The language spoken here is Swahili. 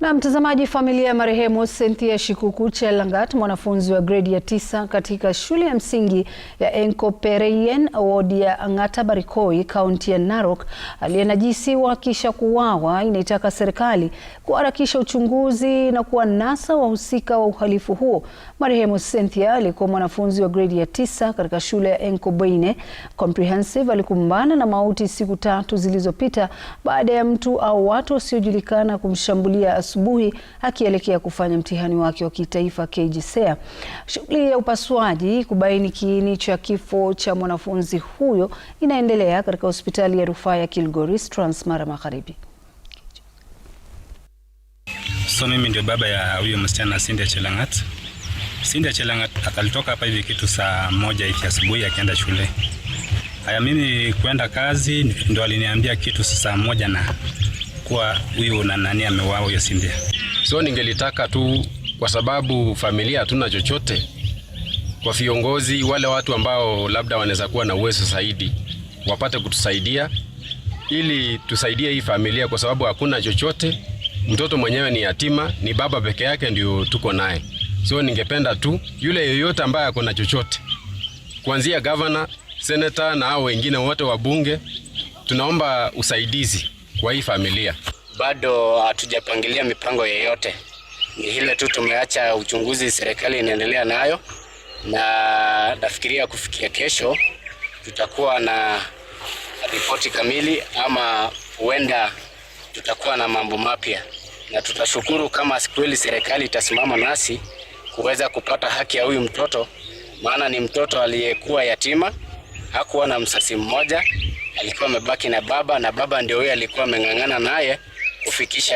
Na mtazamaji, familia ya marehemu Cynthia Shikuku Chelangat, mwanafunzi wa gredi ya tisa katika shule ya msingi ya Enkopareien, wodi ya Ang'ata Barikoi, kaunti ya Narok, aliyenajisiwa kisha kuuawa, inaitaka serikali kuharakisha uchunguzi na kuwanasa wahusika wa uhalifu huo. Marehemu Cynthia alikuwa mwanafunzi wa gredi ya tisa katika shule ya Enkopareien Comprehensive. Alikumbana na mauti siku tatu zilizopita baada ya mtu au watu wasiojulikana kumshambulia asubuhi akielekea kufanya mtihani wake wa kitaifa KJSEA. Shughuli ya upasuaji kubaini kiini cha kifo cha mwanafunzi huyo inaendelea katika hospitali ya rufaa ya Kilgoris, Transmara Magharibi. So mimi ndio baba ya huyo msichana Cynthia Chelangat. Cynthia Chelangat alitoka hapa hivi kitu saa moja hivi asubuhi akienda shule. Haya, mimi kwenda kazi ndio aliniambia kitu saa moja na kuwa huyu na nani ameuawa huyo si So ningelitaka tu, kwa sababu familia hatuna chochote, kwa viongozi wale watu ambao labda wanaweza kuwa na uwezo zaidi wapate kutusaidia ili tusaidie hii familia, kwa sababu hakuna chochote. Mtoto mwenyewe ni yatima, ni baba peke yake ndio tuko naye. So ningependa tu yule yoyote ambaye ako na chochote, kuanzia gavana, seneta na hao wengine wote wa bunge tunaomba usaidizi kwa hii familia. Bado hatujapangilia mipango yeyote, ni ile tu tumeacha uchunguzi serikali inaendelea nayo, na nafikiria kufikia kesho tutakuwa na ripoti kamili, ama huenda tutakuwa na mambo mapya, na tutashukuru kama kweli serikali itasimama nasi kuweza kupata haki ya huyu mtoto, maana ni mtoto aliyekuwa yatima, hakuwa na msasi mmoja alikuwa amebaki na baba, na baba ndio huyo alikuwa ameng'ang'ana naye kufikisha